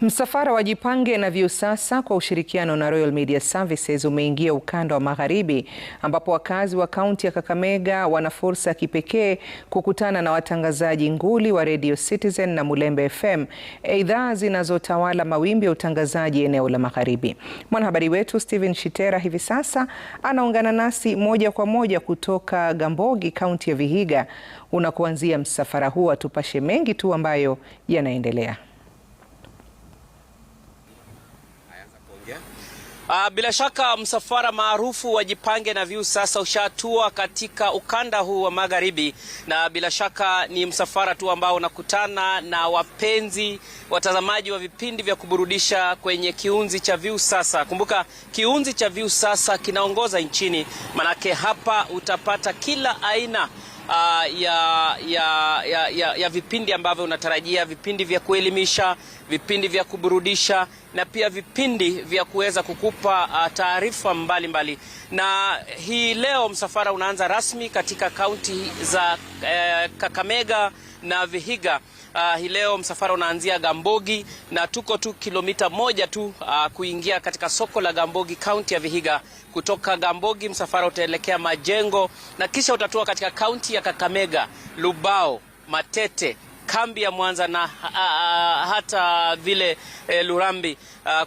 Msafara wa Jipange na Viusasa kwa ushirikiano na Royal Media Services umeingia ukanda wa Magharibi ambapo wakazi wa kaunti ya Kakamega wana fursa ya kipekee kukutana na watangazaji nguli wa Radio Citizen na Mulembe FM, idhaa zinazotawala mawimbi ya utangazaji eneo la Magharibi. Mwanahabari wetu Steven Shitera hivi sasa anaungana nasi moja kwa moja kutoka Gambogi, kaunti ya Vihiga, unakuanzia msafara huo. Atupashe mengi tu ambayo yanaendelea. Uh, bila shaka msafara maarufu wa Jipange na Viu sasa ushatua katika ukanda huu wa magharibi, na bila shaka ni msafara tu ambao unakutana na wapenzi watazamaji wa vipindi vya kuburudisha kwenye kiunzi cha Viu sasa. Kumbuka kiunzi cha Viu sasa kinaongoza nchini, manake hapa utapata kila aina uh, ya, ya, ya, ya, ya vipindi ambavyo unatarajia, vipindi vya kuelimisha, vipindi vya kuburudisha na pia vipindi vya kuweza kukupa uh, taarifa mbalimbali. Na hii leo msafara unaanza rasmi katika kaunti za uh, Kakamega na Vihiga. Uh, hii leo msafara unaanzia Gambogi na tuko tu kilomita moja tu uh, kuingia katika soko la Gambogi kaunti ya Vihiga. Kutoka Gambogi msafara utaelekea Majengo na kisha utatua katika kaunti ya Kakamega, Lubao, Matete kambi ya Mwanza na a, ah, a, hata vile e, Lurambi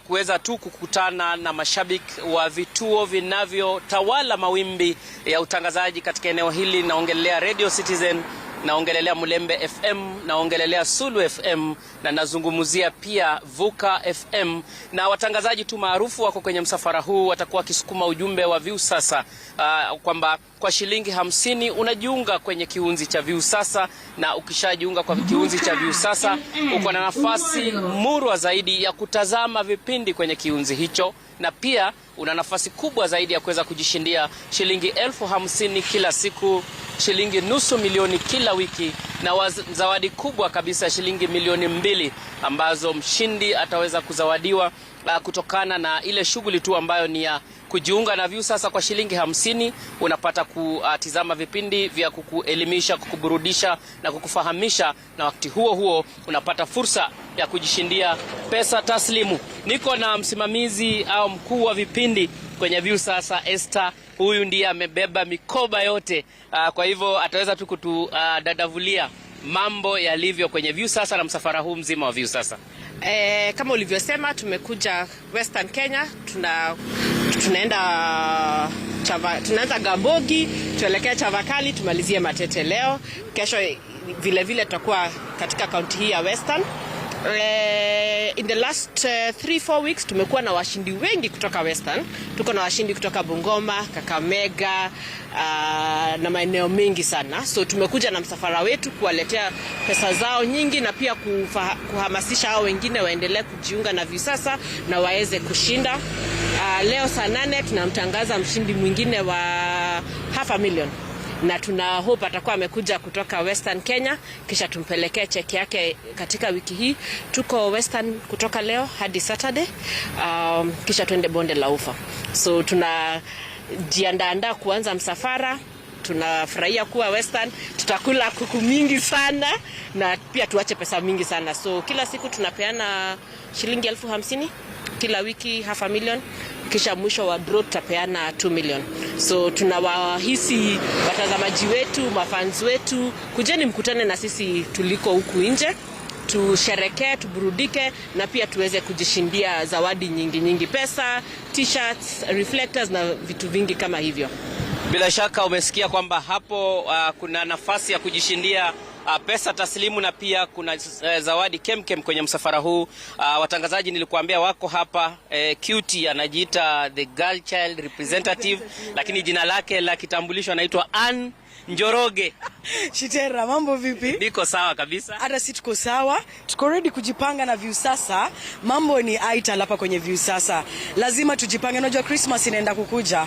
kuweza tu kukutana na mashabiki wa vituo vinavyotawala mawimbi ya utangazaji katika eneo hili. Naongelea Radio Citizen naongelelea Mlembe FM, naongelelea Sulu FM na nazungumzia pia Vuka FM, na watangazaji tu maarufu wako kwenye msafara huu watakuwa wakisukuma ujumbe wa sasa uh, kwamba kwa shilingi hamsini unajiunga kwenye kiunzi cha Viusasa, na ukishajiunga kwa kiunzi cha Viusasa uko na nafasi murwa zaidi ya kutazama vipindi kwenye kiunzi hicho, na pia una nafasi kubwa zaidi ya kuweza kujishindia shilingi elfu hamsini kila siku, shilingi nusu milioni kila wiki na zawadi kubwa kabisa shilingi milioni mbili ambazo mshindi ataweza kuzawadiwa ah, kutokana na ile shughuli tu ambayo ni ya Kujiunga na View sasa kwa shilingi hamsini unapata kutizama vipindi vya kukuelimisha, kukuburudisha na kukufahamisha, na wakati huo huo unapata fursa ya kujishindia pesa taslimu. Niko na msimamizi au mkuu wa vipindi kwenye View sasa, Esther. Huyu ndiye amebeba mikoba yote uh, kwa hivyo ataweza tu kutudadavulia uh, mambo yalivyo kwenye View sasa na msafara huu mzima wa View sasa. E, kama ulivyosema tumekuja Western Kenya tuna tunaenda chava, tunaanza Gabogi tuelekea Chavakali tumalizie Matete leo. Kesho vile vile tutakuwa katika kaunti hii ya Western. Uh, in the last uh, three, weeks tumekuwa na washindi wengi kutoka Western. Tuko na washindi kutoka Bungoma, Kakamega uh, na maeneo mengi sana, so tumekuja na msafara wetu kuwaletea pesa zao nyingi na pia kufaha, kuhamasisha hao wengine waendelee kujiunga na visasa na waweze kushinda. Uh, leo saa nane tunamtangaza mshindi mwingine wa half a million na tuna hope atakuwa amekuja kutoka Western Kenya, kisha tumpelekee cheki yake katika wiki hii. Tuko Western kutoka leo hadi Saturday, um, kisha tuende bonde la Ufa. So tunajiandaandaa kuanza msafara. Tunafurahia kuwa Western, tutakula kuku mingi sana na pia tuache pesa mingi sana. So kila siku tunapeana shilingi elfu hamsini kila wiki half a million kisha mwisho wa draw tutapeana 2 million. So tunawahisi watazamaji wetu, mafans wetu, kujeni mkutane na sisi tuliko huku nje tusherekee, tuburudike na pia tuweze kujishindia zawadi nyingi nyingi, pesa, t-shirts, reflectors na vitu vingi kama hivyo. Bila shaka umesikia kwamba hapo uh, kuna nafasi ya kujishindia Ah, pesa taslimu na pia kuna eh, zawadi kemkem kwenye msafara huu. Ah, watangazaji nilikuambia wako hapa. Eh, cute anajiita the girl child representative, lakini jina lake la kitambulisho anaitwa Anne Njoroge. Shitera, mambo vipi? Niko sawa kabisa. Hata si tuko sawa, tuko ready kujipanga na Viusasa. Mambo ni aital hapa kwenye Viusasa, lazima tujipange. Unajua Christmas inaenda kukuja.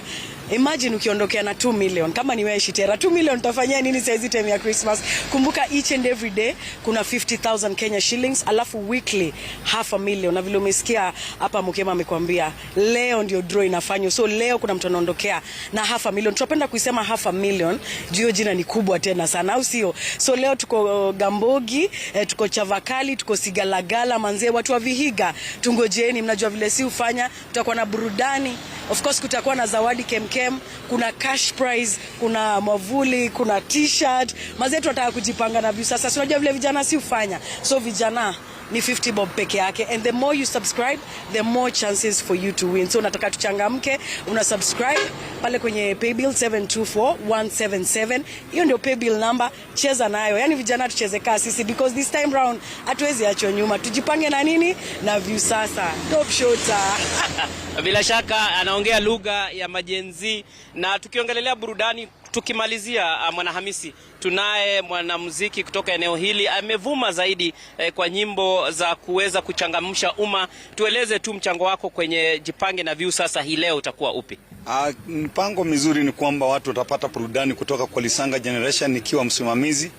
Imagine ukiondokea na 2 million kama ni wewe Shitera, 2 million utafanyia nini saizi time ya Christmas? Kumbuka each and every day kuna 50000 Kenya shillings, alafu weekly half a million. Na vile umesikia hapa mkema amekwambia leo ndio draw inafanywa, so leo kuna mtu anaondokea na half a million. Tunapenda kuisema half a million juu hiyo jina ni kubwa tena sana, au sio? So leo tuko Gambogi eh, tuko Chavakali, tuko Sigalagala manzee, watu wa Vihiga, tungojeeni. Mnajua vile si ufanya, tutakuwa na burudani Of course kutakuwa na zawadi kemkem, kuna cash prize, kuna mwavuli, kuna t-shirt. Mazetu tunataka kujipanga na view sasa. Unajua vile vijana si ufanya. So vijana ni 50 bob peke yake, and the more you subscribe the more chances for you to win. So unataka tuchangamke, una subscribe pale kwenye paybill 724177 hiyo ndio paybill number, cheza nayo. Yani vijana tucheze kaa sisi, because this time round hatuwezi achwa nyuma, tujipange na nini na view sasa, top shota bila shaka anaongea lugha ya majenzi. Na tukiongelelea burudani, tukimalizia uh, Mwanahamisi, tunaye mwanamuziki kutoka eneo hili amevuma zaidi eh, kwa nyimbo za kuweza kuchangamsha umma. Tueleze tu mchango wako kwenye Jipange na View sasa hii leo utakuwa upi? Ah, mpango mizuri ni kwamba watu watapata burudani kutoka kwa Lisanga Generation nikiwa msimamizi,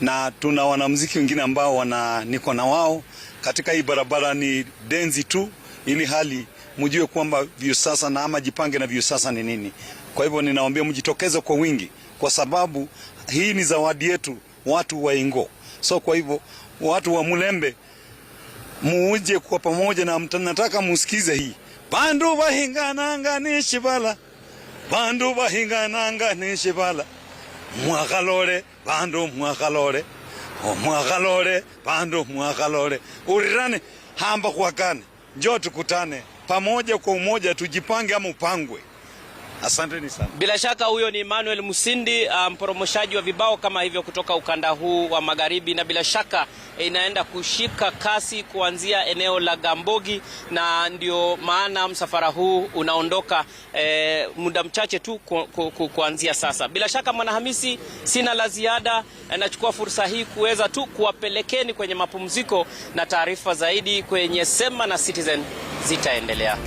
na tuna wanamuziki wengine ambao wana niko na wao katika hii barabara, ni denzi tu ili hali mjue kwamba Viusasa na ama jipange na Viusasa ni nini. Kwa hivyo ninawaambia mjitokeze kwa wingi, kwa sababu hii ni zawadi yetu watu wa Ingo. So kwa hivyo watu wa Mulembe muuje kwa pamoja, na nataka musikize hii bandu bahingananga ni shibala bandu bahingananga ni shibala mwakhalole bandu mwakhalole omwakhalole bandu mwakhalole urirane hamba khwakane njoo tukutane pamoja kwa umoja, tujipange ama upangwe. Asanteni sana. Bila shaka huyo ni Emmanuel Musindi, uh, mporomoshaji um, wa vibao kama hivyo kutoka ukanda huu wa magharibi, na bila shaka eh, inaenda kushika kasi kuanzia eneo la Gambogi, na ndio maana msafara huu unaondoka eh, muda mchache tu ku, ku, ku, kuanzia sasa. Bila shaka Mwanahamisi, sina la ziada, eh, nachukua fursa hii kuweza tu kuwapelekeni kwenye mapumziko na taarifa zaidi kwenye Sema na Citizen zitaendelea.